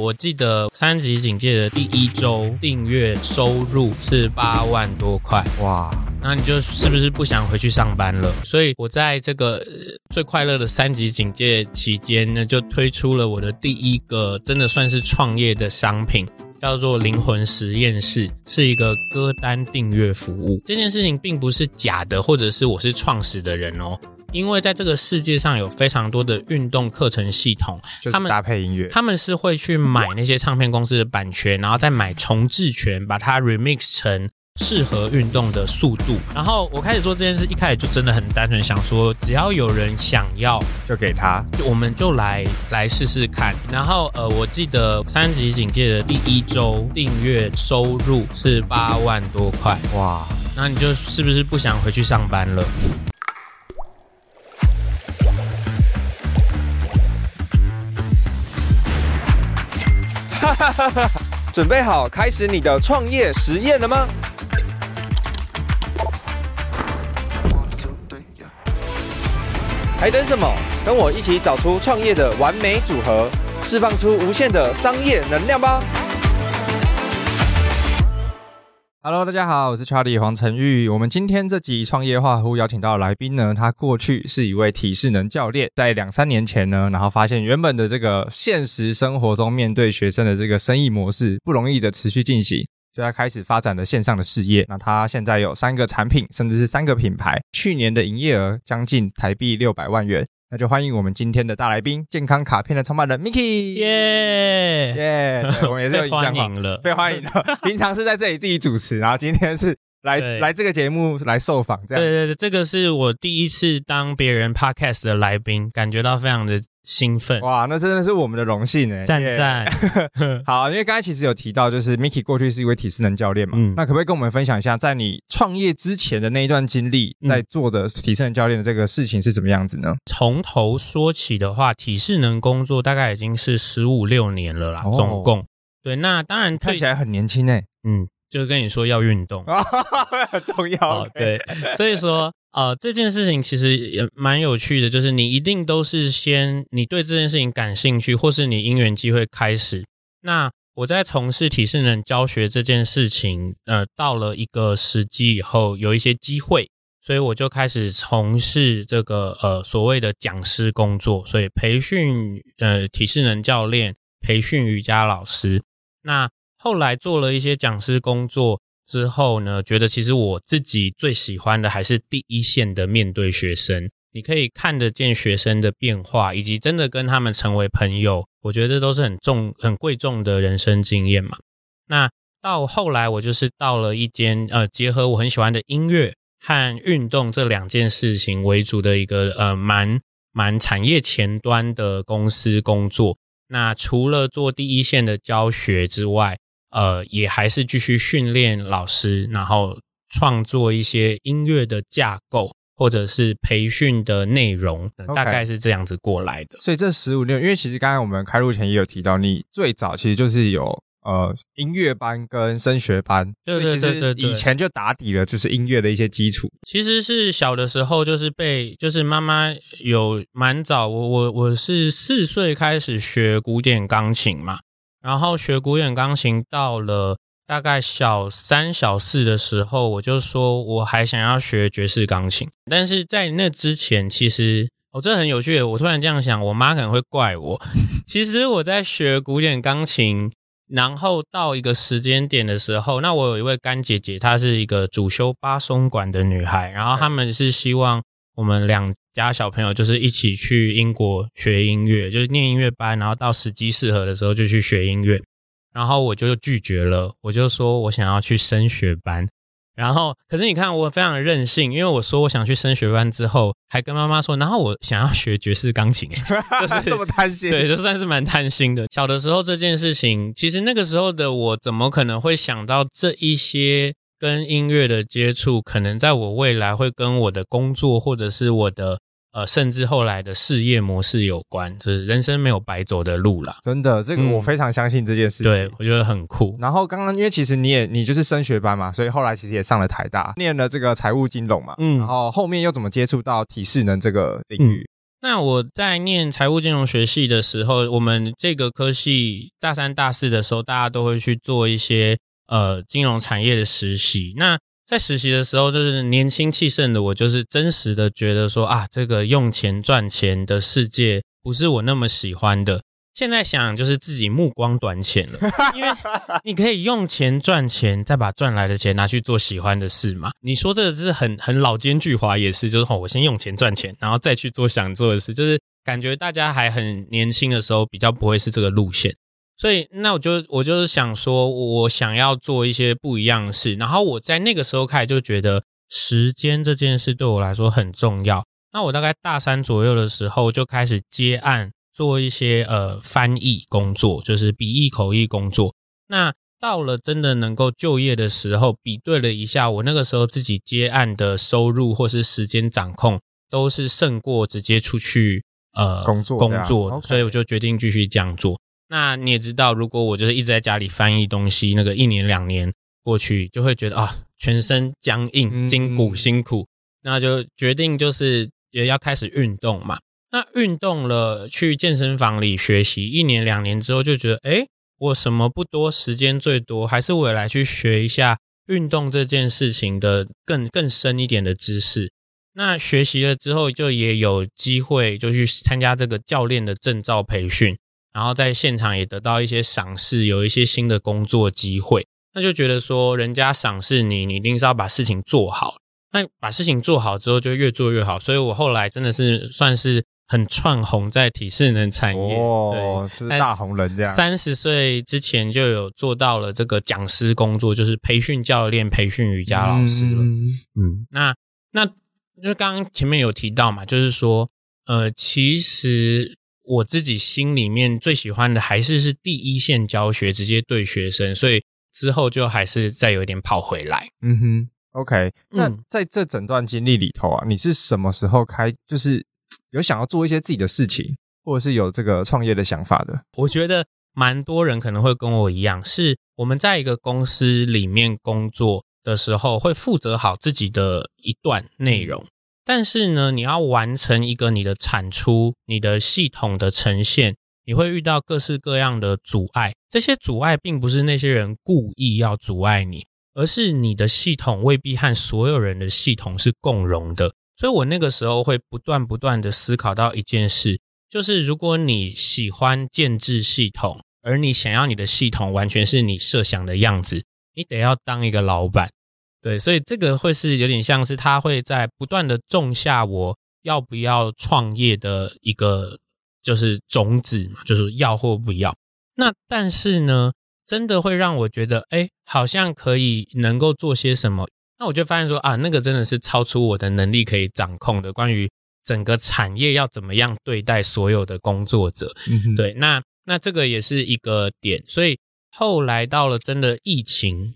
我記得三級警戒的第一周訂閱收入是八萬多塊，哇！那你就是不是不想回去上班了？所以，我在這個最快樂的三級警戒期間呢，就推出了我的第一個真的算是創業的商品。叫做靈魂實驗室，是一個歌單訂閱服務。這件事情並不是假的，或者是我是創始的人哦。因為在這個世界上有非常多的運動課程系統，就是搭配音樂，他，他們是會去買那些唱片公司的版權，Yeah. 然後再買重製權，把它 remix 成。適合運動的速度，然後我開始做這件事，一開始就真的很單純，想說只要有人想要就給他，就我們就來來試試看。然後呃，我記得三級警戒的第一周訂閱收入是八萬多塊，哇，那你就是不是不想回去上班了？ 準備好開始你的創業實驗了嗎？還等什麼？跟我一起找出創業的完美組合，釋放出無限的商業能量吧！Hello，大家好，我是 Charlie 黃成玉。我們今天這集創業化合物邀請到的來賓呢，他過去是一位體適能教練，在兩三年前呢，然後發現原本的這個現實生活中面對學生的這個生意模式不容易的持續進行。就在開始發展了線上的事業，那他現在有三個產品，甚至是三個品牌，去年的營業額將近台幣六百萬元。那就歡迎我們今天的大來賓，健康卡片的創辦人 Mickey。耶耶 Yeah!、yeah,，我們也是有影 被歡迎了，被歡迎了。平常是在這裡自己主持，然後今天是。來來，對來這個節目來受訪，這樣對，對對，這個是我第一次當別人 podcast 的來賓，感覺到非常的興奮。哇，那真的是我們的榮幸呢，贊贊。Yeah 好，因為剛才其實有提到，就是 Mickey 過去是一位體適能教練嘛，嗯、那可不可以跟我們分享一下，在你創業之前的那一段經歷，嗯、在做的體適能教練的這個事情是怎麼樣子呢？從頭說起的話，體適能工作大概已經是十五六年了啦，哦、總共。對，那當然看起來很年輕哎。嗯。就是跟你說要運動，很 重要，okay 呃。對，所以說呃這件事情其實也蠻有趣的，就是你一定都是先你對這件事情感興趣，或是你因緣機會開始。那我在從事體適能教學這件事情，呃，到了一個時機以後，有一些機會，所以我就開始從事這個呃所謂的講師工作，所以培訓呃體適能教練，培訓瑜伽老師，那。後來做了一些講師工作之後呢，覺得其實我自己最喜歡的還是第一線的面對學生，你可以看得見學生的變化，以及真的跟他們成為朋友，我覺得這都是很重、很貴重的人生經驗嘛。那到後來我就是到了一間呃，結合我很喜歡的音樂和運動這兩件事情為主的一個呃，蠻蠻產業前端的公司工作。那除了做第一線的教學之外，呃，也還是繼續訓練老師，然後創作一些音樂的架構，或者是培訓的內容的，Okay. 大概是這樣子過來的。所以這十五六，因為其實剛才我們開錄前也有提到，你最早其實就是有呃音樂班跟升學班。對對，對對對對，以前就打底了，就是音樂的一些基礎。其實是小的時候就是被，就是媽媽有蠻早，我我我是四歲開始學古典鋼琴嘛。然後學古典鋼琴到了大概小三小四的時候，我就說我還想要學爵士鋼琴。但是在那之前，其實哦，這很有趣的。我突然這樣想，我媽可能會怪我。其實我在學古典鋼琴，然後到一個時間點的時候，那我有一位乾姐姐，她是一個主修巴松管的女孩，然後她們是希望。我們兩家小朋友就是一起去英國學音樂，就是念音樂班，然後到時機適合的時候就去學音樂。然後我就拒絕了，我就說我想要去升學班。然後，可是你看我非常的任性，因為我說我想去升學班之後，還跟媽媽說，然後我想要學爵士鋼琴，就是這麼貪心。對，就算是蠻貪心的。小的時候這件事情，其實那個時候的我怎麼可能會想到這一些？跟音樂的接觸，可能在我未來會跟我的工作，或者是我的呃，甚至後來的事業模式有關，就是人生沒有白走的路啦，嗯、真的，這個我非常相信這件事情、嗯。對，我覺得很酷。然後剛剛因為其實你也你就是升學班嘛，所以後來其實也上了台大，念了這個財務金融嘛。嗯。然後後面又怎麼接觸到體適能這個領域、嗯？那我在念財務金融學系的時候，我們這個科系大三、大四的時候，大家都會去做一些。呃，金融產業的實習。那在實習的時候，就是年輕氣盛的我，就是真實的覺得說啊，這個用錢賺錢的世界不是我那麼喜歡的。現在想就是自己目光短淺了， 因為你可以用錢賺錢，再把賺來的錢拿去做喜歡的事嘛。你說這個就是很很老奸巨猾，也是，就是，吼，我先用錢賺錢，然後再去做想做的事。就是感覺大家還很年輕的時候，比較不會是這個路線。所以，那我就我就是想說，我想要做一些不一樣的事。然後，我在那個時候開始就覺得時間這件事對我來說很重要。那我大概大三左右的時候就開始接案做一些呃翻譯工作，就是筆譯口譯工作。那到了真的能夠就業的時候，比對了一下，我那個時候自己接案的收入或是時間掌控，都是勝過直接出去呃工作工作。所以，我就決定繼續這樣做。那你也知道，如果我就是一直在家裡翻譯東西，那個一年兩年過去，就會覺得啊、哦，全身僵硬，筋骨辛苦，嗯嗯。那就決定就是也要開始運動嘛。那運動了，去健身房裡學習一年兩年之後，就覺得哎、欸，我什麼不多，時間最多，還是我來去學一下運動這件事情的更更深一點的知識。那學習了之後，就也有機會就去參加這個教練的證照培訓。然後在現場也得到一些賞識，有一些新的工作機會，那就覺得說人家賞識你，你一定是要把事情做好。那把事情做好之後，就越做越好。所以我後來真的是算是很竄紅在體適能產業，哦、對是大紅人這樣。三十歲之前就有做到了這個講師工作，就是培訓教練、培訓瑜伽老師了。嗯，嗯，那那因為剛剛前面有提到嘛，就是說，呃，其實。我自己心裡面最喜歡的還是是第一線教學，直接對學生，所以之後就還是再有點跑回來。嗯哼，OK 嗯。那在這整段經歷裡頭啊，你是什麼時候開，就是有想要做一些自己的事情，或者是有這個創業的想法的？我覺得蠻多人可能會跟我一樣，是我們在一個公司裡面工作的時候，會負責好自己的一段內容。但是呢，你要完成一個你的產出、你的系統的呈現，你會遇到各式各樣的阻礙。這些阻礙並不是那些人故意要阻礙你，而是你的系統未必和所有人的系統是共融的。所以我那個時候會不斷不斷地思考到一件事，就是如果你喜歡建制系統，而你想要你的系統完全是你設想的樣子，你得要當一個老闆。對，所以這個會是有點像是他會在不斷的種下我要不要創業的一個就是種子嘛，就是要或不要。那但是呢，真的會讓我覺得，誒，好像可以能夠做些什麼。那我就發現說啊，那個真的是超出我的能力可以掌控的。關於整個產業要怎麼樣對待所有的工作者， 對，那那這個也是一個點。所以後來到了真的疫情。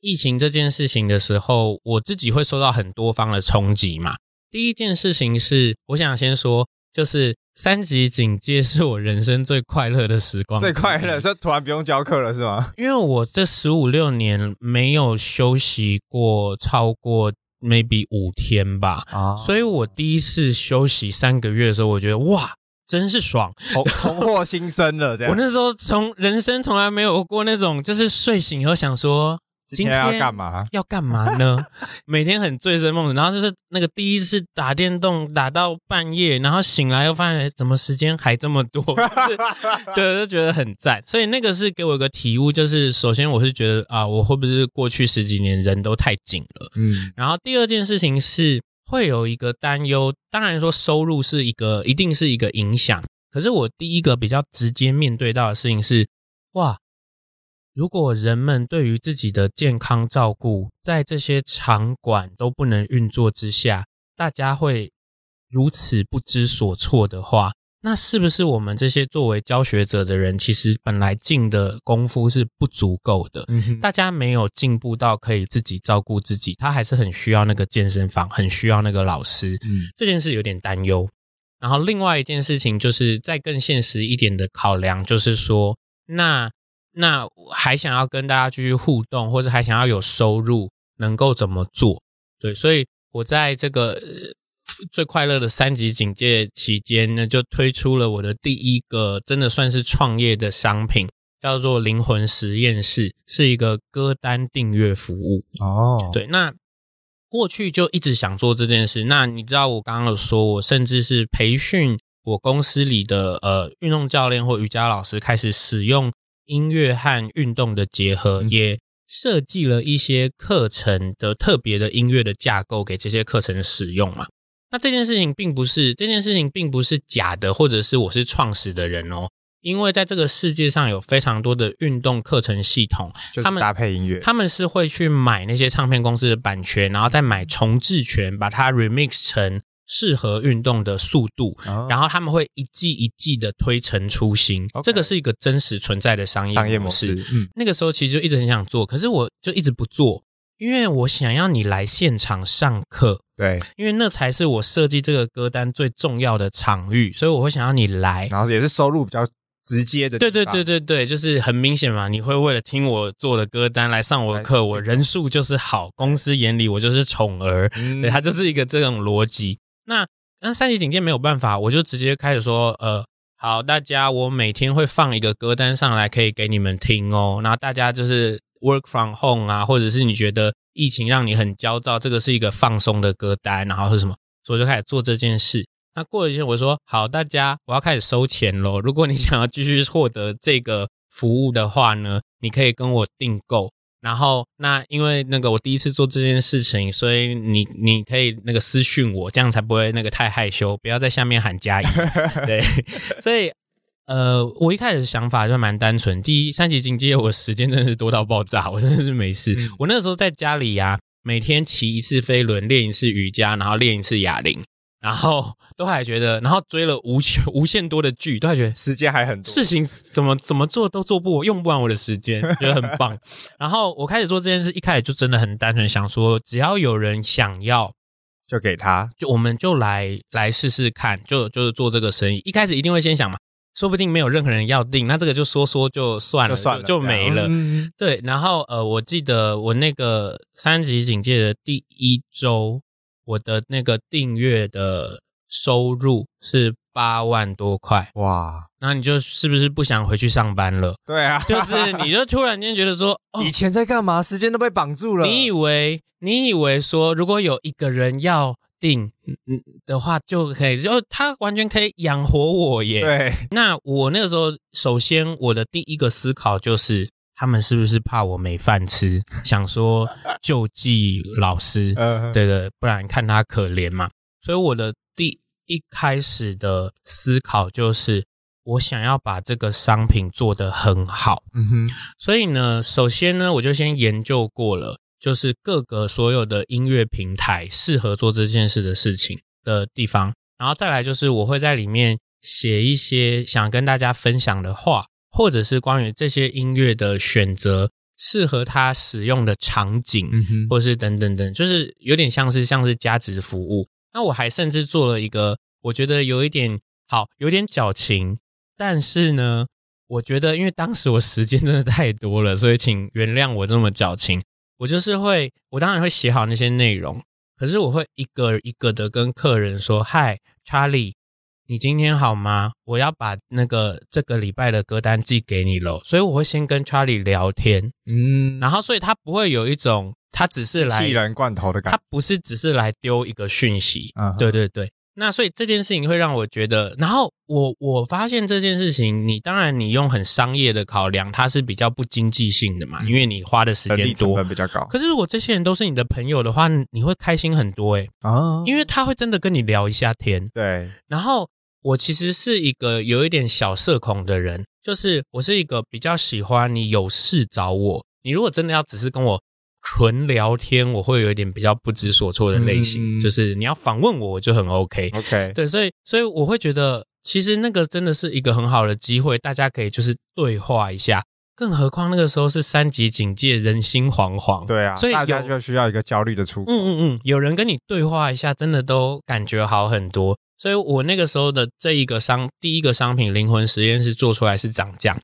疫情這件事情的時候，我自己會受到很多方的衝擊嘛。第一件事情是，我想先說，就是三級警戒是我人生最快樂的時光。最快樂？就突然不用教課了是吧？因為我這十五六年沒有休息過超過 maybe 五天吧啊，所以我第一次休息三個月的時候，我覺得哇，真是爽，重獲新生了。這樣，我那時候從人生從來沒有過那種，就是睡醒以後想說。今天要幹嘛？要幹嘛呢？ 每天很醉生夢死，然後就是那個第一次打電動，打到半夜，然後醒來又發現、欸、怎麼時間還這麼多，對、就是，就覺得很讚。所以那個是給我一個體悟，就是首先我是覺得啊，我會不會是過去十幾年人都太緊了，嗯。然後第二件事情是會有一個擔憂，當然說收入是一個一定是一個影響，可是我第一個比較直接面對到的事情是，哇。如果人們對於自己的健康照顧，在這些場館都不能運作之下，大家會如此不知所措的話，那是不是我們這些作為教學者的人，其實本來進的功夫是不足夠的？嗯哼。大家沒有進步到可以自己照顧自己，他還是很需要那個健身房，很需要那個老師。嗯、這件事有點擔憂。然後，另外一件事情就是再更現實一點的考量，就是說那。那我還想要跟大家繼續互動，或者還想要有收入，能夠怎麼做？對，所以我在這個最快樂的三級警戒期間呢，就推出了我的第一個，真的算是創業的商品，叫做靈魂實驗室，是一個歌單訂閱服務。哦，oh. 對，那過去就一直想做這件事。那你知道我剛剛有說，我甚至是培訓我公司裡的呃運動教練或瑜伽老師開始使用。音樂和運動的結合，也設計了一些課程的特別的音樂的架構給這些課程使用嘛？那這件事情並不是，這件事情並不是假的，或者是我是創始的人哦。因為在這個世界上有非常多的運動課程系統，他們搭配音樂他，他們是會去買那些唱片公司的版權，然後再買重製權，把它 remix 成。適合運動的速度，哦、然後他們會一季一季的推陳出新，Okay, 這個是一個真實存在的商業模式。商業模式。嗯，那個時候其實就一直很想做，可是我就一直不做，因為我想要你來現場上課，對，因為那才是我設計這個歌單最重要的場域，所以我會想要你來，然後也是收入比較直接的，對對對對對，就是很明顯嘛，你會為了聽我做的歌單來上我的課，我人數就是好，公司眼裡我就是寵兒，嗯、對，他就是一個這種邏輯。那那三級警戒沒有辦法，我就直接開始說，呃，好，大家，我每天會放一個歌單上來，可以給你們聽哦。然後大家就是 work from home 啊，或者是你覺得疫情讓你很焦躁，這個是一個放鬆的歌單。然後是什麼？所以我就開始做這件事。那過了一天，我就說，好，大家，我要開始收錢嘍。如果你想要繼續獲得這個服務的話呢，你可以跟我訂購。然後，那因為那個我第一次做這件事情，所以你你可以那個私訊我，這樣才不會那個太害羞，不要在下面喊加一。對，所以呃，我一開始想法就蠻單純。第一，三級警戒我的時間真的是多到爆炸，我真的是沒事。嗯、我那個時候在家裡呀、啊，每天騎一次飛輪，練一次瑜伽，然後練一次啞鈴。然後都還覺得，然後追了無窮無限多的劇，都還覺得時間還很多，事情怎麼怎麼做都做不完 用不完我的時間，覺得很棒。 然後我開始做這件事，一開始就真的很單純，想說只要有人想要，就給他，就我們就來來試試看，就就是做這個生意。一開始一定會先想嘛，說不定沒有任何人要訂，那這個就說說就算了，就，算了就，就沒了。嗯、對，然後呃，我記得我那個三級警戒的第一周。我的那個訂閱的收入是八萬多塊哇。那你就是不是不想回去上班了？對啊，就是你就突然間覺得說，哦，以前在幹嘛，時間都被綁住了。你以為你以為說，如果有一個人要訂嗯，嗯，的話，就可以就他完全可以養活我耶。對，那我那個時候，首先我的第一個思考就是。他們是不是怕我沒飯吃？想說救濟老師，對對，不然看他可憐嘛。所以我的第一開始的思考就是，我想要把這個商品做得很好。嗯哼，所以呢，首先呢，我就先研究過了，就是各個所有的音樂平台適合做這件事的事情的地方。然後再來就是，我會在裡面寫一些想跟大家分享的話。或者是關於這些音樂的選擇，適合他使用的場景，或是等等等，就是有點像是像是加值服務。那我還甚至做了一個，我覺得有一點好，有點矯情，但是呢，我覺得因為當時我時間真的太多了，所以請原諒我這麼矯情。我就是會，我當然會寫好那些內容，可是我會一個一個的跟客人說：“嗨，查理。”你今天好嗎？我要把那個這個禮拜的歌單寄給你嘍。所以我會先跟 Charlie 聊天，嗯，然後所以他不會有一種他只是來機器人罐頭的感覺，他不是只是來丟一個訊息，uh huh. 對對對。那所以這件事情會讓我覺得，然後我我發現這件事情你，你當然你用很商業的考量，它是比較不經濟性的嘛，因為你花的時間多比較高。可是如果這些人都是你的朋友的話，你會開心很多誒、欸。啊、uh，huh. 因為他會真的跟你聊一下天，對、uh，huh. 然後。我其實是一個有一點小社恐的人，就是我是一個比較喜歡你有事找我。你如果真的要只是跟我純聊天，我會有一點比較不知所措的類型。嗯、就是你要訪問我，我就很 OK。OK，對，所以所以我會覺得，其實那個真的是一個很好的機會，大家可以就是對話一下。更何況那個時候是三級警戒，人心惶惶，對啊，所以大家就需要一個焦慮的出口、嗯。嗯嗯嗯，有人跟你對話一下，真的都感覺好很多。所以我那個時候的這一個商第一個商品靈魂實驗室做出來是漲價，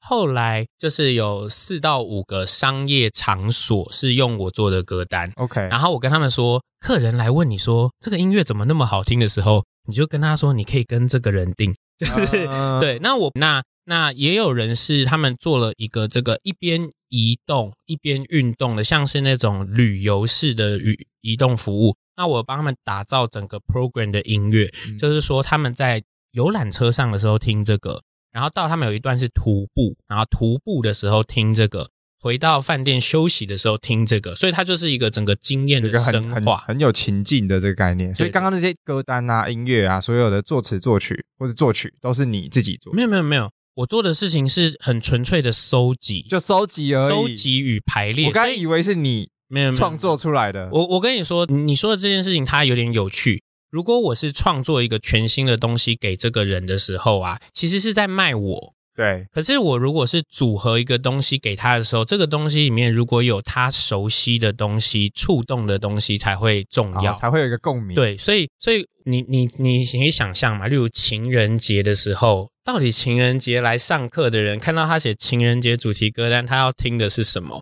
後來就是有四到五個商業場所是用我做的歌單，OK，然後我跟他們說，客人來問你說這個音樂怎麼那麼好聽的時候，你就跟他說你可以跟這個人訂，uh、 對。那我那那也有人是他們做了一個這個一邊移動一邊運動的，像是那種旅遊式的移移動服務。那我幫他們打造整個 program 的音樂，嗯、就是說他們在遊覽車上的時候聽這個，然後到他們有一段是徒步，然後徒步的時候聽這個，回到飯店休息的時候聽這個，所以它就是一個整個經驗的升華，很有情境的這個概念。所以剛剛那些歌單啊、音樂啊，所有的作詞作曲或者作曲都是你自己做的？沒有沒有沒有，我做的事情是很純粹的收集，就收集而已，收集與排列。我剛以為是你。沒有創作出來的，我我跟你說，你說的這件事情它有點有趣。如果我是創作一個全新的東西給這個人的時候啊，其實是在賣我。對。可是我如果是組合一個東西給他的時候，這個東西裡面如果有他熟悉的東西、觸動的東西才會重要，才會有一個共鳴。對，所以所以你你你你可以想象嘛，例如情人節的時候，到底情人節來上課的人看到他寫情人節主題歌單，他要聽的是什麼？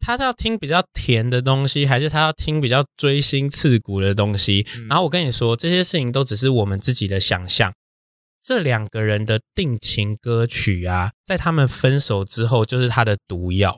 他是要聽比較甜的東西，還是他要聽比較錐心刺骨的東西？嗯，然後我跟你說，這些事情都只是我們自己的想象。這兩個人的定情歌曲啊，在他們分手之後，就是他的毒藥，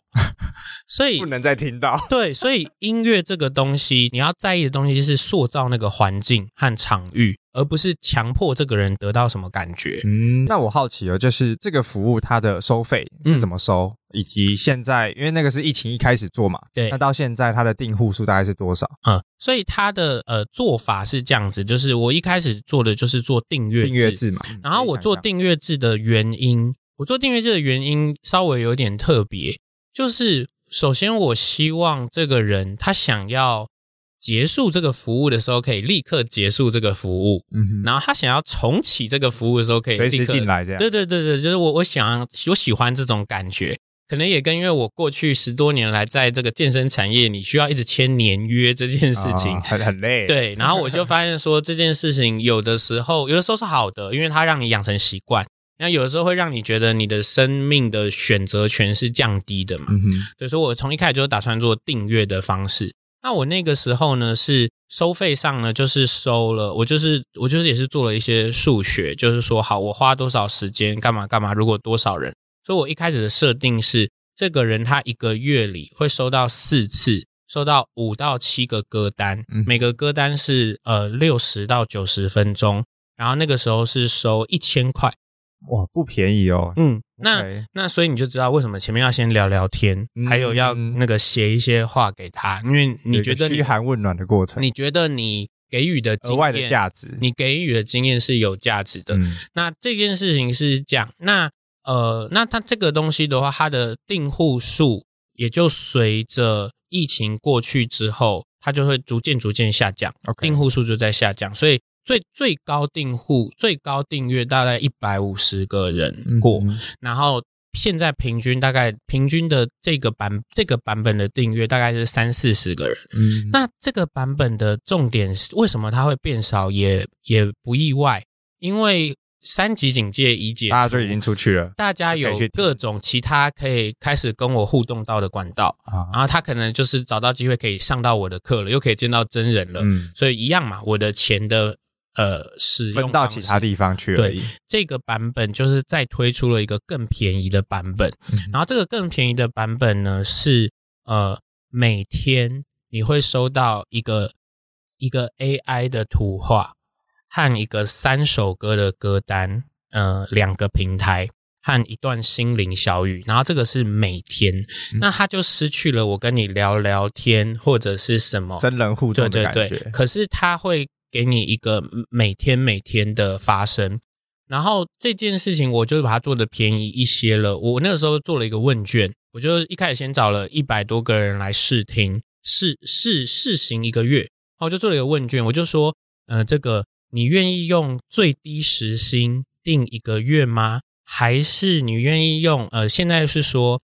所以不能再聽到。對，所以音樂這個東西，你要在意的東西就是塑造那個環境和場域。而不是強迫這個人得到什麼感覺。嗯，那我好奇哦，就是這個服務它的收費是怎麼收，嗯、以及現在因為那個是疫情一開始做嘛，對，那到現在它的訂戶數大概是多少？嗯，所以它的呃做法是這樣子，就是我一開始做的就是做訂閱訂閱制嘛，然後我做訂閱制的原因，嗯，我做訂閱制的原因稍微有點特別，就是首先我希望這個人他想要。結束這個服務的時候，可以立刻結束這個服務。嗯哼，然後他想要重啟這個服務的時候，可以立刻隨時進來這樣。對對對對，就是我我想我喜歡這種感覺，可能也跟因為我過去十多年來在這個健身產業，你需要一直簽年約這件事情很、哦、很累。 對，然後我就發現說，這件事情有的時候 有的時候是好的，因為它讓你養成習慣，那有的時候會讓你覺得你的生命的選擇權是降低的嘛。嗯哼，所以說我從一開始就打算做訂閱的方式。那我那個時候呢，是收費上呢，就是收了，我就是我就是也是做了一些數學，就是說好，我花多少時間幹嘛幹嘛，如果多少人，所以我一開始的設定是，這個人他一個月裡會收到四次，收到五到七個歌單，每個歌單是呃六十到九十分鐘，然後那個時候是收一千塊。哇，不便宜哦。嗯，Okay 那那所以你就知道為什麼前面要先聊聊天，嗯、還有要那個寫一些話給他，嗯、因為你覺得你噓寒問暖的過程，你覺得你給予的經驗，額外的價值，你給予的經驗是有價值的。嗯、那這件事情是這樣，那呃，那他這個東西的話，它的訂戶數也就隨着疫情過去之後，它就會逐漸逐漸下降，訂戶數就在下降，所以。最最高訂戶最高訂閱大概一百五十個人過，然後現在平均大概平均的這個版這個版本的訂閱大概是三四十個人。嗯，那這個版本的重點是為什麼它會變少？也也不意外，因為三級警戒已解，大家都已經出去了，大家有各種其他可以開始跟我互動到的管道啊。然後他可能就是找到機會可以上到我的課了，又可以見到真人了，嗯，所以一樣嘛，我的錢的。呃，使用分到其他地方去了。對，這個版本就是再推出了一個更便宜的版本，嗯、然後這個更便宜的版本呢是呃，每天你會收到一個一個 AI 的圖畫和一個三首歌的歌單，呃，兩個平台和一段心靈小語，然後這個是每天，嗯、那它就失去了我跟你聊聊天或者是什麼真人互動的感覺，對對對，可是它會。給你一個每天每天的發生，然後這件事情我就把它做得便宜一些了。我那個時候做了一個問卷，我就一開始先找了一百多個人來試聽試試試，試行一個月，然後我就做了一個問卷，我就說，呃，這個你願意用最低時薪定一個月嗎？還是你願意用呃，現在是說，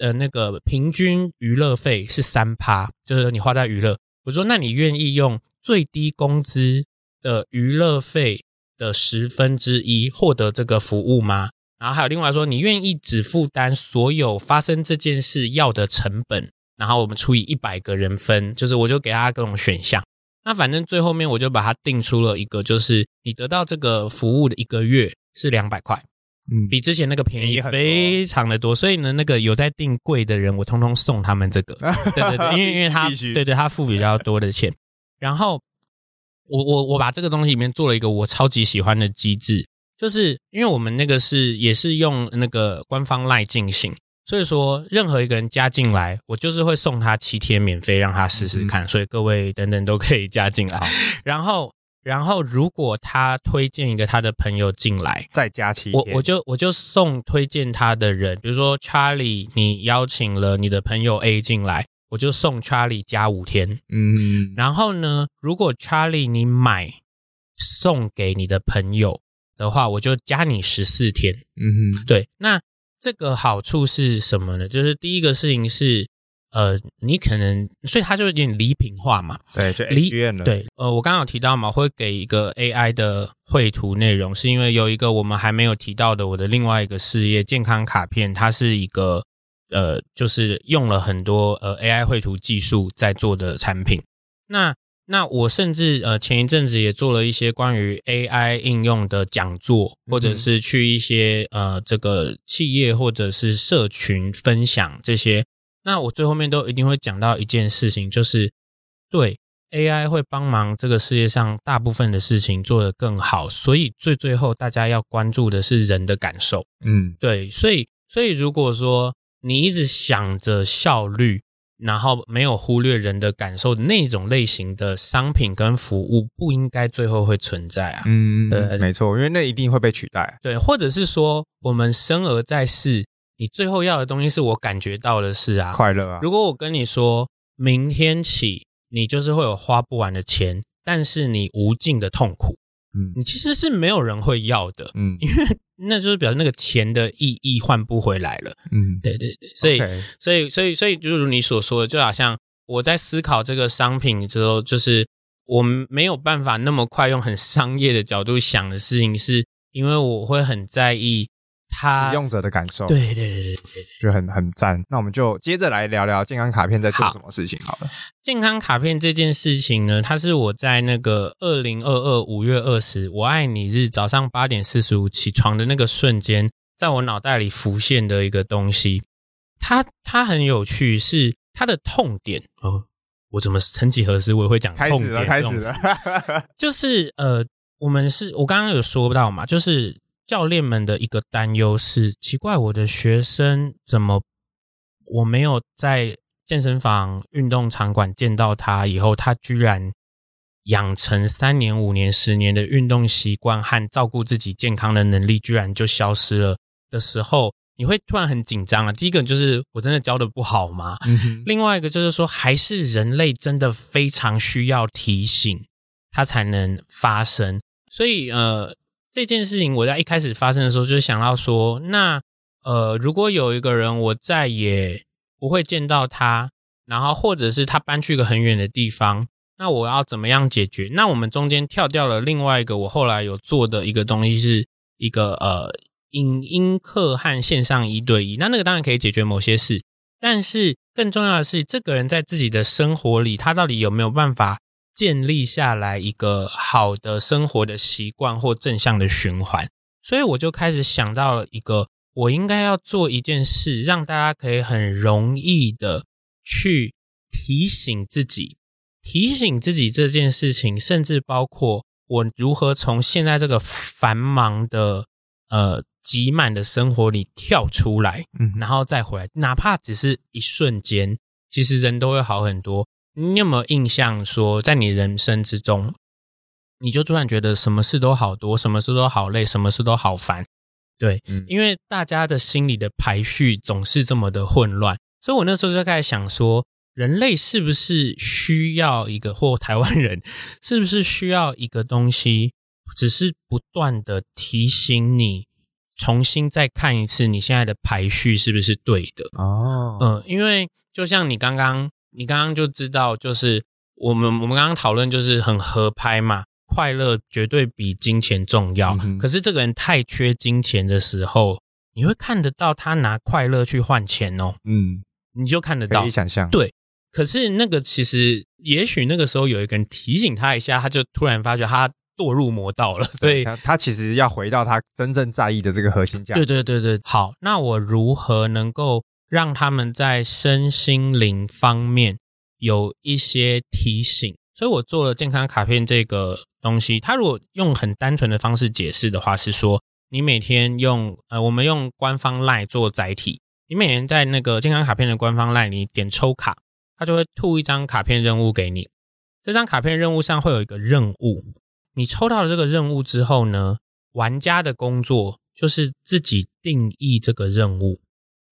呃，那個平均娛樂費是三趴，就是你花在娛樂，我說那你願意用？最低工資的娛樂費的十分之一獲得這個服務嗎？然後還有另外說，你願意只負擔所有發生這件事要的成本，然後我們除以一百個人分，就是我就給大家各種選項。那反正最後面我就把它定出了一個，就是你得到這個服務的一個月是兩百塊，嗯，比之前那個便宜非常的多。所以呢，那個有在定貴的人，我通通送他們這個，對對對，因為因為他對對，對他付比較多的錢。然後我我我把這個東西裡面做了一個我超級喜歡的機制，就是因為我們那個是也是用那個官方 LINE 進行，所以說任何一個人加進來，我就是會送他七天免費讓他試試看，嗯、所以各位等等都可以加進來。然後然後如果他推薦一個他的朋友進來，再加七天，我我就我就送推薦他的人，比如說 Charlie，你邀請了你的朋友 A 進來。我就送 Charlie 加五天，嗯哼，然後呢，如果 Charlie 你買送給你的朋友的話，我就加你十四天，嗯哼，對。那這個好處是什麼呢？就是第一個事情是，呃，你可能所以它就有點禮品化嘛，對，就禮院，對，呃，我剛剛有提到嘛，會給一個 AI 的繪圖內容，是因為有一個我們還沒有提到的我的另外一個事業——健康卡片，它是一個。呃，就是用了很多呃 AI 繪圖技術在做的產品。那那我甚至呃前一陣子也做了一些關於 AI 應用的講座，或者是去一些、嗯、呃這個企業或者是社群分享這些。那我最後面都一定會講到一件事情，就是對 AI 會幫忙這個世界上大部分的事情做得更好。所以最最後大家要關注的是人的感受。嗯，對，所以所以如果說。你一直想着效率，然後沒有忽略人的感受，那種類型的商品跟服務不應該最後會存在啊。嗯，呃、沒錯，因為那一定會被取代。對，或者是說，我們生而在世，你最後要的東西是我感覺到的是啊，快樂啊。如果我跟你說，明天起，你就是會有花不完的錢，但是你無盡的痛苦。嗯，你其實是沒有人會要的。嗯，因為那就是表示那個錢的意義換不回來了，嗯，對對對，所以 Okay. 所以所以所以就如你所說的，就好像我在思考這個商品之後，就是我們沒有辦法那麼快用很商業的角度想的事情，是因為我會很在意。他使用者的感受，對，對對對對對，就很很讚。那我們就接着來聊聊健康卡片在做什麼事情好了。好，的健康卡片這件事情呢，它是我在那個二零二二五月二十我愛你日早上八點四十五起床的那個瞬間，在我腦袋裡浮現的一個東西。它它很有趣是，是它的痛點哦、呃。我怎麼曾幾何時我也會講痛點？開始，就是呃，我們是我剛剛有說到嘛，就是。教練們的一個擔憂是：奇怪，我的學生怎麼我沒有在健身房、運動場館見到他？以後他居然養成三年、五年、十年的運動習慣和照顧自己健康的能力，居然就消失了的時候，你會突然很緊張啊！第一個就是我真的教得不好嗎、嗯哼？另外一個就是說，還是人類真的非常需要提醒他才能發生。所以，呃。這件事情我在一開始發生的時候，就想到說，那呃，如果有一個人，我再也不會見到他，然後或者是他搬去一個很遠的地方，那我要怎麼樣解決？那我們中間跳掉了另外一個，我後來有做的一個東西，是一個呃，影音課和線上一對一。那那個當然可以解決某些事，但是更重要的是，這個人在自己的生活裡，他到底有沒有辦法？建立下來一個好的生活的習慣或正向的循環，所以我就開始想到了一個我應該要做一件事，讓大家可以很容易的去提醒自己，提醒自己這件事情，甚至包括我如何從現在這個繁忙的呃擠滿的生活裡跳出來，嗯，然後再回來，哪怕只是一瞬間，其實人都會好很多。你有沒有印象說，在你人生之中，你就突然覺得什麼事都好多，什麼事都好累，什麼事都好煩，對，嗯、因為大家的心裡的排序總是這麼的混亂，所以我那時候就開始想說，人類是不是需要一個，或台灣人是不是需要一個東西，只是不斷的提醒你，重新再看一次你現在的排序是不是對的？哦，嗯、呃，因為就像你剛剛。你剛剛就知道，就是我們我們剛剛討論，就是很合拍嘛。快樂絕對比金錢重要，可是這個人太缺金錢的時候，你會看得到他拿快樂去換錢哦。嗯，你就看得到，嗯，可以想象。對，可是那個其實，也許那個時候有一個人提醒他一下，他就突然發覺他墮入魔道了。所以他其實要回到他真正在意的這個核心價值。對對對對，好，那我如何能夠？讓他們在身心靈方面有一些提醒，所以我做了健康卡片這個東西。它如果用很單純的方式解釋的話，是說你每天用呃，我們用官方 LINE 做載體。你每天在那個健康卡片的官方 LINE，你點抽卡，它就會吐一張卡片任務給你。這張卡片任務上會有一個任務，你抽到了這個任務之後呢，玩家的工作就是自己定義這個任務。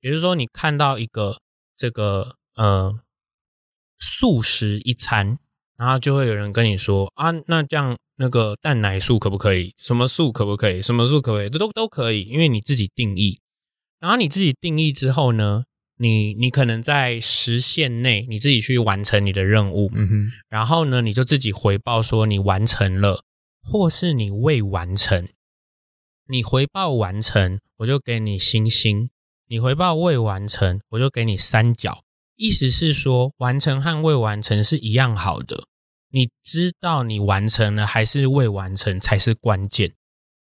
比如說，你看到一個這個呃素食一餐，然後就會有人跟你說啊，那這樣那個蛋奶素可不可以？什麼素可不可以？什麼素可不可以？都都可以，因為你自己定義。然後你自己定義之後呢，你你可能在時限內你自己去完成你的任務，嗯哼。然後呢，你就自己回報說你完成了，或是你未完成。你回報完成，我就給你星星。你回報未完成，我就給你三角。意思是說，完成和未完成是一樣好的。你知道你完成了還是未完成才是關鍵。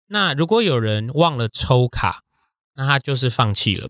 那如果有人忘了抽卡，那他就是放棄了。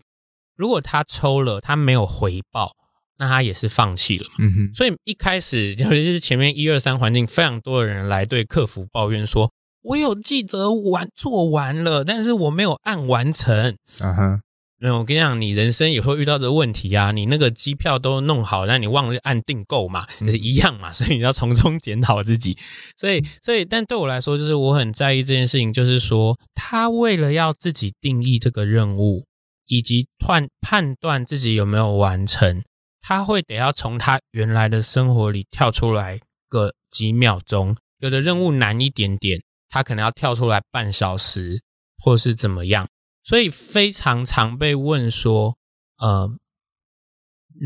如果他抽了，他沒有回報，那他也是放棄了。嗯哼。所以一開始就是前面一二三環境非常多的人來對客服抱怨說：“我有記得完做完了，但是我沒有按完成。Uh ”嗯哼。那我跟你講，你人生也會遇到這個問題啊，你那個機票都弄好，那你忘了按訂購嘛，你是一樣嘛，所以你要從中檢討自己。所以，所以，但對我來說，就是我很在意這件事情，就是說，他為了要自己定義這個任務，以及判判斷自己有沒有完成，他會得要從他原來的生活裡跳出來個幾秒鐘。有的任務難一點點，他可能要跳出來半小時，或是怎麼樣。所以非常常被問說，呃，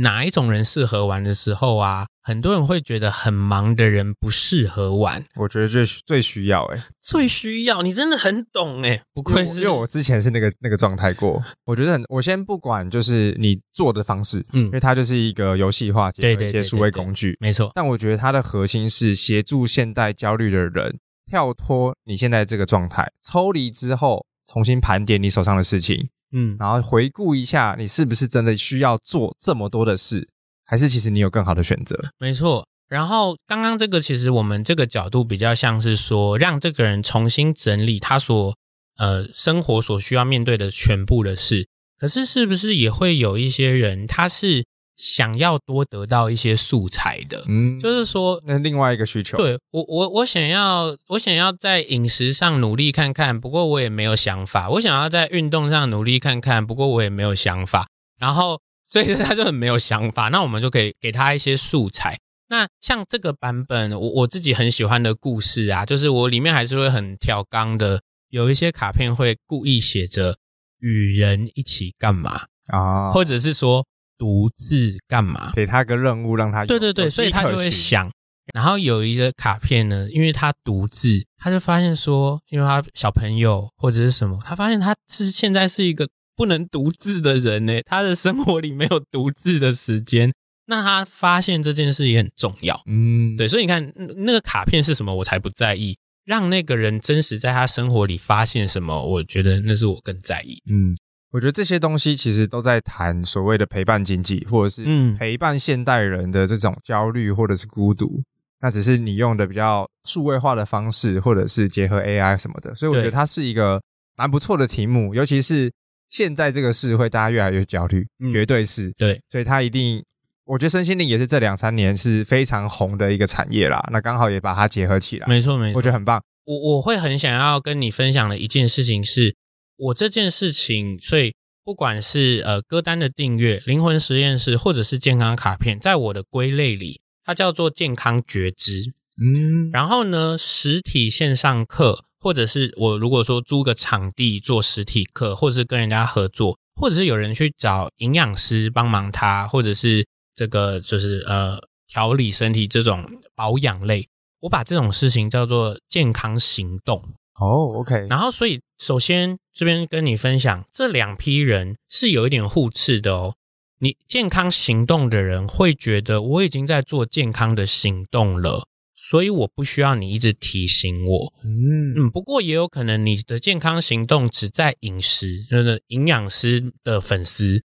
哪一種人適合玩的時候啊？很多人會覺得很忙的人不適合玩。我覺得最最需要、欸，誒，最需要。你真的很懂、欸，誒，不愧是因，因為我之前是那個那個狀態過。我覺得，很，我先不管，就是你做的方式，嗯， 因為它就是一個遊戲化結合一些數位工具，對對對對對對沒錯。但我覺得它的核心是協助現代焦慮的人跳脫你現在這個狀態，抽離之後。重新盤點你手上的事情，嗯，然後回顧一下，你是不是真的需要做這麼多的事，還是其實你有更好的選擇？沒錯。然後剛剛這個其實我們這個角度比較像是說，讓這個人重新整理他所，呃，生活所需要面對的全部的事。可是是不是也會有一些人，他是？想要多得到一些素材的，嗯，就是說，那另外一個需求，對，我，我我想要，我想要在飲食上努力看看，不過我也沒有想法；我想要在運動上努力看看，不過我也沒有想法。然後，所以他就很沒有想法。那我們就可以給他一些素材。那像這個版本，我我自己很喜歡的故事啊，就是我裡面還是會很跳鋼的，有一些卡片會故意寫着與人一起幹嘛啊，哦、或者是說。獨自幹嘛？給他個任務，讓他對對對，所以他就會想。然後有一個卡片呢，因為他獨自，他就發現說，因為他小朋友或者是什麼，他發現他是現在是一個不能獨自的人呢，欸。他的生活裡沒有獨自的時間，那他發現這件事也很重要。嗯，對，所以你看那個卡片是什麼，我才不在意。讓那個人真實在他生活裡發現什麼，我覺得那是我更在意。嗯。我覺得這些東西其實都在談所謂的陪伴經濟，或者是陪伴現代人的這種焦慮或者是孤獨。那只是你用的比較數位化的方式，或者是結合 AI 什麼的。所以我覺得它是一個蠻不錯的題目，尤其是現在這個社會大家越來越焦慮，絕對是。對，所以它一定，我覺得身心靈也是這兩三年是非常紅的一個產業啦。那剛好也把它結合起來。沒錯，沒錯，我覺得很棒。我我會很想要跟你分享的一件事情是。我這件事情，所以不管是呃歌單的訂閱、靈魂實驗室，或者是健康卡片，在我的歸類裡，它叫做健康覺知。嗯，然後呢，實體線上課，或者是我如果說租個場地做實體課，或者是跟人家合作，或者是有人去找營養師幫忙他，或者是這個就是呃調理身體這種保養類，我把這種事情叫做健康行動。哦，oh，OK，然後所以首先這邊跟你分享，這兩批人是有一點互斥的哦。你健康行動的人會覺得我已經在做健康的行動了，所以我不需要你一直提醒我。嗯嗯，不過也有可能你的健康行動只在飲食，就是營養師的粉絲，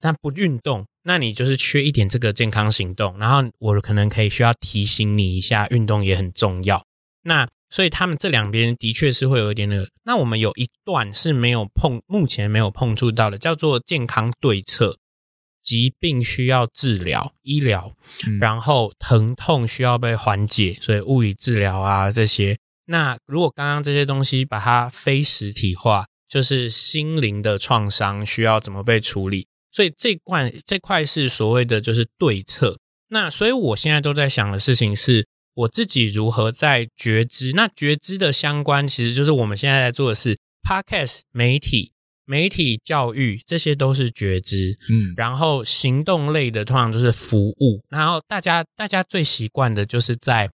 但不運動，那你就是缺一點這個健康行動，然後我可能可以需要提醒你一下，運動也很重要。那。所以他們這兩邊的確是會有一點的、那個。那我們有一段是沒有碰，目前沒有碰觸到的，叫做健康對策。疾病需要治療，醫療，嗯、然後疼痛需要被緩解，所以物理治療啊這些。那如果剛剛這些東西把它非實體化，就是心靈的創傷需要怎麼被處理？所以這塊這塊是所謂的就是對策。那所以我現在都在想的事情是。我自己如何在覺知？那覺知的相關，其實就是我們現在在做的是 Podcast、媒體、媒體教育，這些都是覺知。嗯，然後行動類的通常就是服務，然後大家大家最習慣的就是在。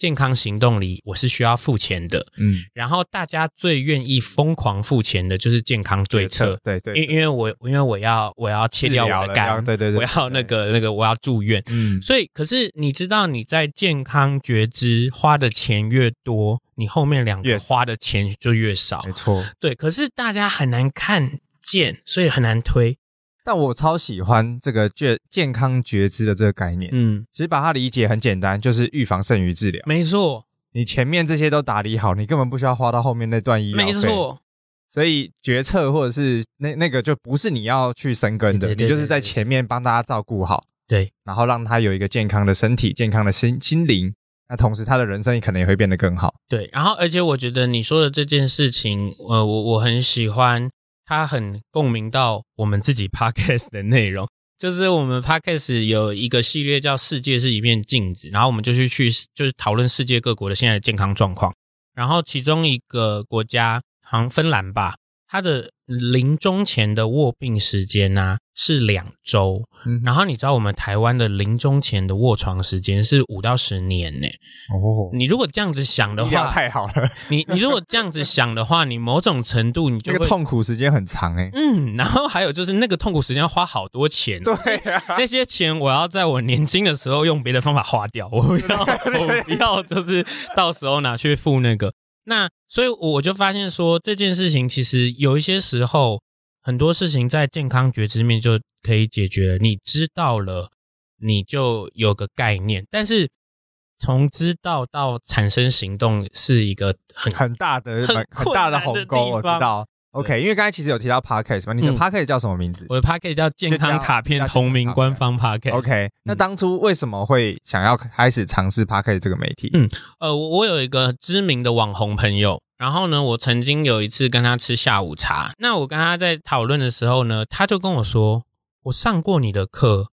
健康行動裡，我是需要付錢的，嗯，然後大家最願意瘋狂付錢的，就是健康對策，對對，因因為我，因為我要我要切掉我的肝，對對對，我要那個那個我要住院，嗯，所以可是你知道，你在健康覺知花的錢越多，你後面兩個花的錢就越少，沒錯，對，可是大家很難看見，所以很難推。那我超喜歡這個覺健康覺知的這個概念，嗯，其實把它理解很簡單，就是預防勝於治療。沒錯，你前面這些都打理好，你根本不需要花到後面那段醫療。沒錯，所以決策或者是那那個就不是你要去生根的，你就是在前面幫大家照顧好，對，然後讓他有一個健康的身體、健康的心心靈，那同時他的人生可能也會變得更好。對，然後而且我覺得你說的這件事情，呃，我我很喜歡。他很共鳴到我們自己 podcast 的內容，就是我們 podcast 有一個系列叫《世界是一面鏡子》，然後我們就去去就是討論世界各國的現在的健康狀況，然後其中一個國家好像芬蘭吧。他的臨終前的臥病時間呢、啊、是兩週，嗯、然後你知道我們台灣的臨終前的臥床時間是五到十年呢？哦你你，你如果這樣子想的話，太好了。你你如果這樣子想的話，你某種程度你就會那個痛苦時間很長誒。嗯，然後還有就是那個痛苦時間要花好多錢，對啊，那些錢我要在我年輕的時候用別的方法花掉，我不要，我不要，就是到時候拿去付那個。那所以，我就發現說這件事情，其實有一些時候，很多事情在健康覺知面就可以解決。你知道了，你就有個概念，但是從知道到產生行動，是一個很很大的很大的、很很大的鴻溝，我知道。OK，對因為剛才其實有提到 Podcast 嘛，你的 Podcast 叫什麼名字？嗯、我的 Podcast 叫健康卡片，同名官方 Podcast。OK，那當初為什麼會想要開始嘗試 Podcast 這個媒體？嗯，呃，我有一個知名的網紅朋友，然後呢，我曾經有一次跟他吃下午茶，那我跟他在討論的時候呢，他就跟我說：“我上過你的課。”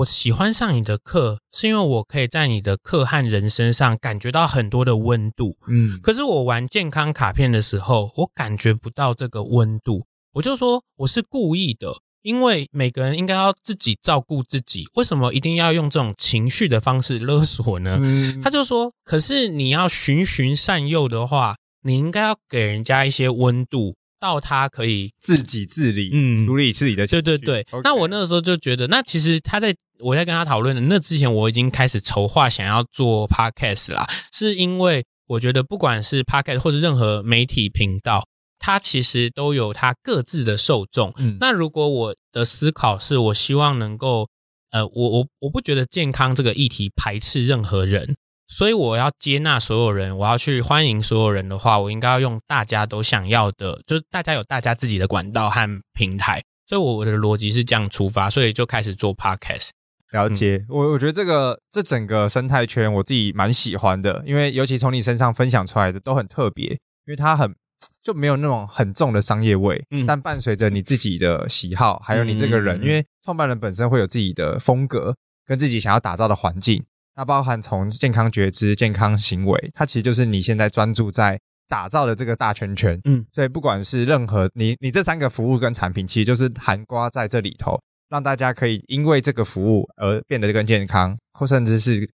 我喜歡上你的課，是因為我可以在你的課和人身上感覺到很多的溫度。嗯，可是我玩健康卡片的時候，我感覺不到這個溫度。我就說我是故意的，因為每個人應該要自己照顧自己。為什麼一定要用這種情緒的方式勒索呢？嗯，他就說，可是你要循循善誘的話，你應該要給人家一些溫度。到他可以自己自理，嗯，處理自己的，對對對。Okay. 那我那個時候就覺得，那其實他在我在跟他討論的那之前，我已經開始籌劃想要做 podcast 啦，嗯、是因為我覺得不管是 podcast 或者任何媒體頻道，它其實都有它各自的受眾。嗯、那如果我的思考是，我希望能夠，呃，我我我不覺得健康這個議題排斥任何人。所以我要接納所有人，我要去歡迎所有人的話，我應該要用大家都想要的，就是大家有大家自己的管道和平台。所以我的邏輯是這樣出發，所以就開始做 podcast。了解，我我覺得這個這整個生態圈我自己蠻喜歡的，因為尤其從你身上分享出來的都很特別，因為它很就沒有那種很重的商業味，嗯、但伴隨着你自己的喜好，還有你這個人，嗯、因為創辦人本身會有自己的風格跟自己想要打造的環境。那包含從健康覺知、健康行為，它其實就是你現在專注在打造的這個大圈圈。嗯，所以不管是任何你你這三個服務跟產品，其實就是涵蓋在這裡頭，讓大家可以因為這個服務而變得更健康，或甚至是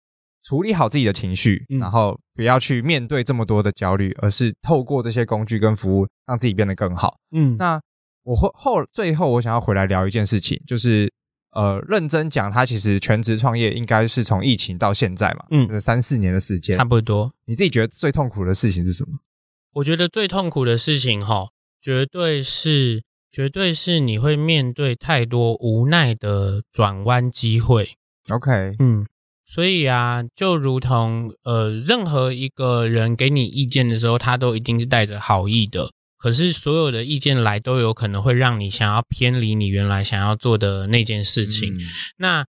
處理好自己的情緒，嗯，然後不要去面對這麼多的焦慮，而是透過這些工具跟服務，讓自己變得更好。嗯，那我後後最後我想要回來聊一件事情，就是。呃，認真講，他其實全職創業應該是從疫情到現在嘛，嗯，三四年的時間，差不多。你自己覺得最痛苦的事情是什麼？我覺得最痛苦的事情哈、哦，絕對是，絕對是你會面對太多無奈的轉彎機會。OK，嗯，所以啊，就如同呃，任何一個人給你意見的時候，他都一定是帶着好意的。可是所有的意見來都有可能會讓你想要偏離你原來想要做的那件事情。嗯、那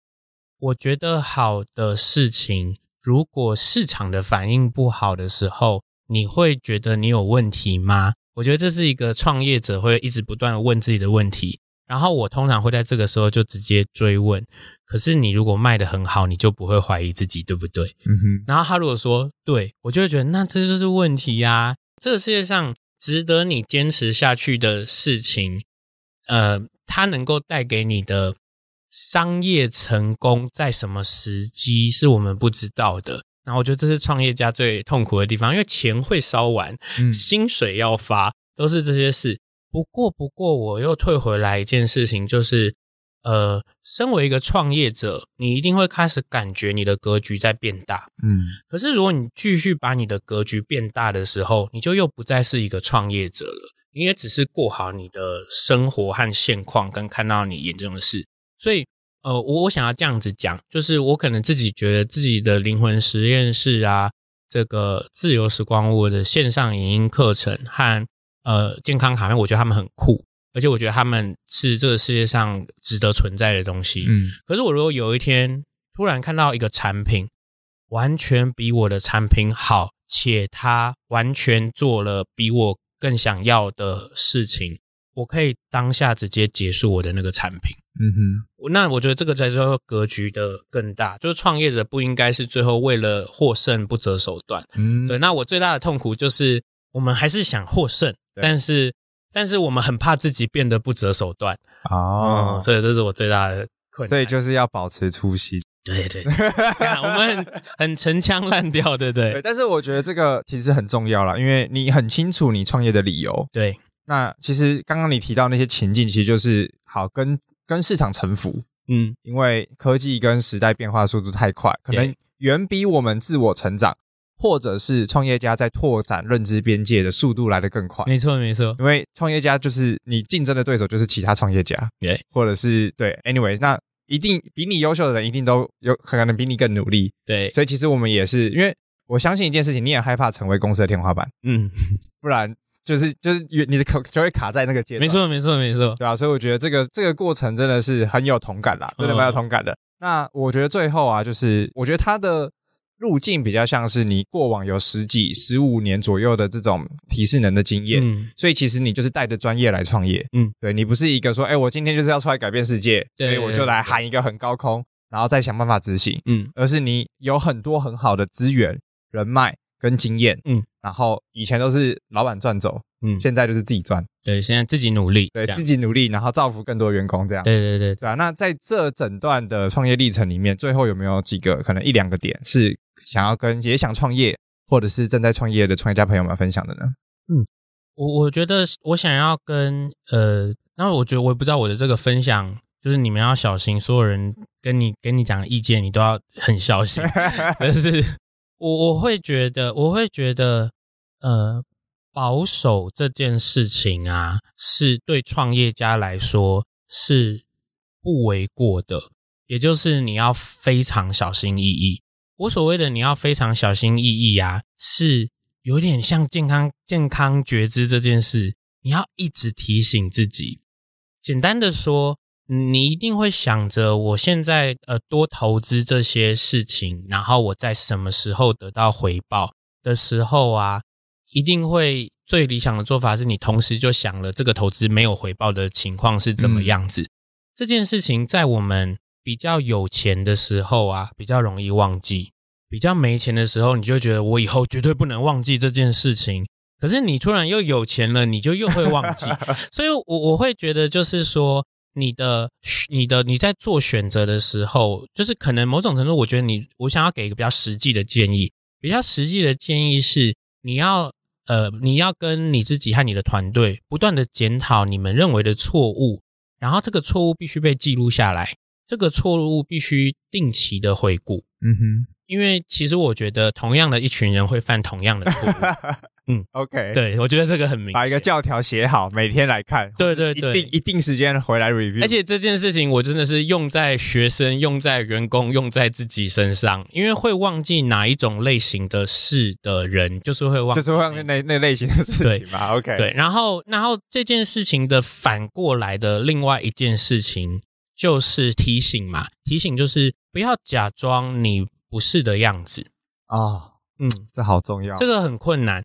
我覺得好的事情，如果市場的反應不好的時候，你會覺得你有問題嗎？我覺得這是一個創業者會一直不斷的問自己的問題。然後我通常會在這個時候就直接追問。可是你如果賣得很好，你就不會懷疑自己，對不對？嗯哼。然後他如果說對，我就會覺得那這就是問題呀、啊。這個世界上。值得你堅持下去的事情，呃，它能夠帶給你的商業成功在什麼時機是我們不知道的。然後我覺得這是創業家最痛苦的地方，因為錢會燒完，嗯、薪水要發，都是這些事。不過，不過，我又退回來一件事情，就是。呃，身為一個創業者，你一定會開始感覺你的格局在變大。嗯，可是如果你繼續把你的格局變大的時候，你就又不再是一個創業者了。你也只是過好你的生活和現況，跟看到你眼中的事。所以，呃，我我想要這樣子講，就是我可能自己覺得自己的靈魂實驗室啊，這個自由時光屋的線上影音課程和呃健康卡片，我覺得他們很酷。而且我覺得他們是這個世界上值得存在的東西。嗯，可是我如果有一天突然看到一個產品，完全比我的產品好，且它完全做了比我更想要的事情，我可以當下直接結束我的那個產品。嗯哼，那我覺得這個才是格局的更大。就是創業者不應該是最後為了獲勝不擇手段。嗯，對。那我最大的痛苦就是我們還是想獲勝，對，但是。但是我們很怕自己變得不擇手段哦、嗯、所以這是我最大的困難。所以就是要保持初心。對，對對， 我們很很陳腔濫調，對不對，對？但是我覺得這個其實很重要啦，因為你很清楚你創業的理由。對，那其實剛剛你提到那些情境，其實就是好跟跟市場沉浮。嗯，因為科技跟時代變化速度太快，可能遠比我們自我成長。或者是創業家在拓展認知邊界的速度來得更快沒錯。沒錯，沒錯，因為創業家就是你競爭的對手就是其他創業家，Yeah. 或者是對，anyway，那一定比你優秀的人一定都有可能比你更努力。對，所以其實我們也是，因為我相信一件事情，你也害怕成為公司的天花板，嗯， 不然就是就是你的口就會卡在那個階段沒錯。沒錯，沒錯，沒錯，對啊，所以我覺得這個這個過程真的是很有同感啦，真的很有同感的。Oh. 那我覺得最後啊，就是我覺得他的。路徑比較像是你過往有十幾、十五年左右的這種體適能的經驗，嗯、所以其實你就是帶着專業來創業，嗯，對，你不是一個說，誒、欸，我今天就是要出來改變世界，對對對，所以我就來喊一個很高空，對對對，然後再想辦法執行，嗯，而是你有很多很好的資源人脈。跟經驗，嗯，然後以前都是老闆賺走，嗯，現在就是自己賺，對，現在自己努力，對，這樣，自己努力，然後造福更多員工，這樣，對對對對啊。那在這整段的創業歷程裡面，最後有沒有幾個可能一兩個點是想要跟也想創業，或者是正在創業的創業家朋友們分享的呢？嗯，我我覺得我想要跟呃，那我覺得我也不知道我的這個分享，就是你們要小心，所有人跟你跟你講的意見，你都要很小心， 可是。 我我會覺得，我會覺得，呃，保守這件事情啊，是對創業家來說是不為過的。也就是你要非常小心翼翼。我所謂的你要非常小心翼翼啊，是有點像健康健康覺知這件事，你要一直提醒自己。簡單的說。你一定會想着，我現在呃多投資這些事情，然後我在什麼時候得到回報的時候啊，一定會最理想的做法是你同時就想了這個投資沒有回報的情況是怎麼樣子。嗯。這件事情在我們比較有錢的時候啊，比較容易忘記；比較沒錢的時候，你就會覺得我以後絕對不能忘記這件事情。可是你突然又有錢了，你就又會忘記。所以我我會覺得就是說。你的、你的、你在做選擇的時候，就是可能某種程度，我覺得你，我想要給一個比較實際的建議。比較實際的建議是，你要呃，你要跟你自己和你的團隊不斷的檢討你們認為的錯誤，然後這個錯誤必須被記錄下來，這個錯誤必須定期的回顧。嗯哼，因為其實我覺得，同樣的一群人會犯同樣的錯誤。嗯，OK，對，我覺得這個很明顯，把一個教條寫好，每天來看，對對對，一定一定時間回來 review。而且這件事情我真的是用在學生、用在員工、用在自己身上，因為會忘記哪一種類型的事的人，就是會忘記，就是會忘記那那類型的事情嘛。對 OK，對。然後，然後這件事情的反過來的另外一件事情就是提醒嘛，提醒就是不要假裝你不是的樣子啊。哦、嗯，這好重要，這個很困難。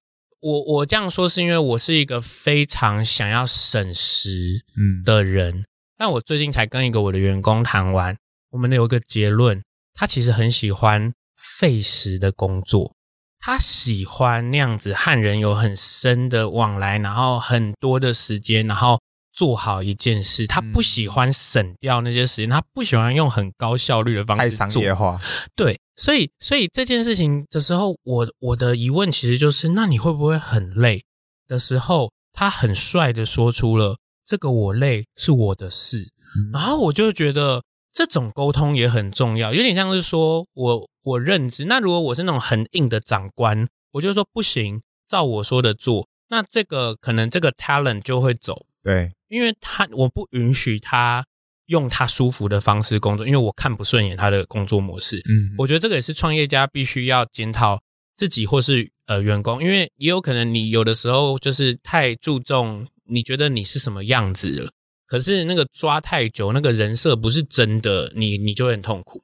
我我這樣說是因為我是一個非常想要省時的人，嗯，但我最近才跟一個我的員工談完，我們有一個結論，他其實很喜歡費時的工作，他喜歡那樣子和人有很深的往來，然後很多的時間，然後做好一件事，他不喜歡省掉那些時間，他不喜歡用很高效率的方式去商業化，對。所以，所以這件事情的時候我，我我的疑問其實就是，那你會不會很累？的時候，他很帥的說出了這個“我累是我的事”，嗯、然後我就覺得這種溝通也很重要，有點像是說我我認知。那如果我是那種很硬的長官，我就說不行，照我說的做。那這個可能這個 talent 就會走，對，因為他我不允許他。用他舒服的方式工作，因為我看不順眼他的工作模式。嗯，我覺得這個也是創業家必須要檢討自己，或是呃，呃員工，因為也有可能你有的時候就是太注重你覺得你是什麼樣子了，可是那個抓太久，那個人設不是真的，你你就很痛苦。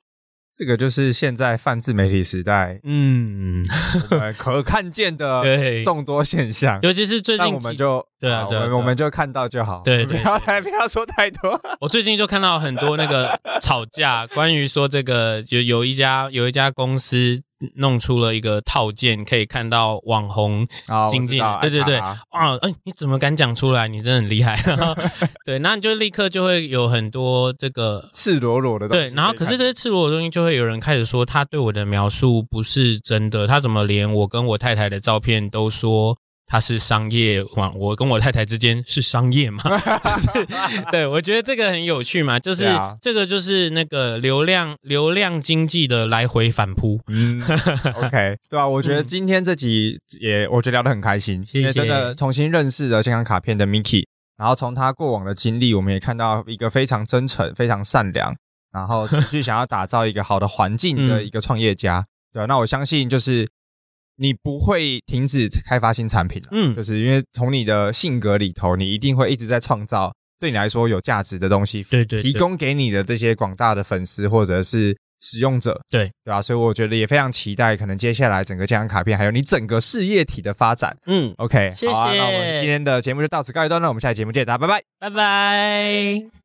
這個就是現在泛自媒體時代，嗯，可看見的眾多現象，對尤其是最近，我們就。對啊，對，我們就看到就好。對,對,對，不要不要說太多。我最近就看到很多那個吵架， 關於說這個，就有一家有一家公司弄出了一個套件，可以看到網紅經濟。哦、對對對，啊,啊、欸，你怎麼敢講出來？你真的很厲害 對，那你就立刻就會有很多這個赤裸裸的東西。對，然後可是這些赤裸裸的東西，就會有人開始說，他對我的描述不是真的。他怎麼連我跟我太太的照片都說？他是商業嗎？我跟我太太之間是商業嘛、就是？對，我覺得這個很有趣嘛，就是、啊、這個就是那個流量流量經濟的來回反撲、嗯。OK，對啊，我覺得今天這集也，嗯、我覺得聊得很開心，嗯、因為真的重新認識了健康卡片的 Mickey，謝然後從他過往的經歷，我們也看到一個非常真誠、非常善良，然後持續想要打造一個好的環境的一個創業家。嗯、對、啊，那我相信就是。你不會停止開發新產品，嗯，就是因為從你的性格裡頭，你一定會一直在創造對你來說有價值的東西，對，對對，提供給你的這些廣大的粉絲或者是使用者，對對啊，所以我覺得也非常期待，可能接下來整個這張卡片還有你整個事業體的發展，嗯，OK，謝謝，好啊，那我們今天的節目就到此告一段落，我們下期節目見，大家，拜拜，拜拜。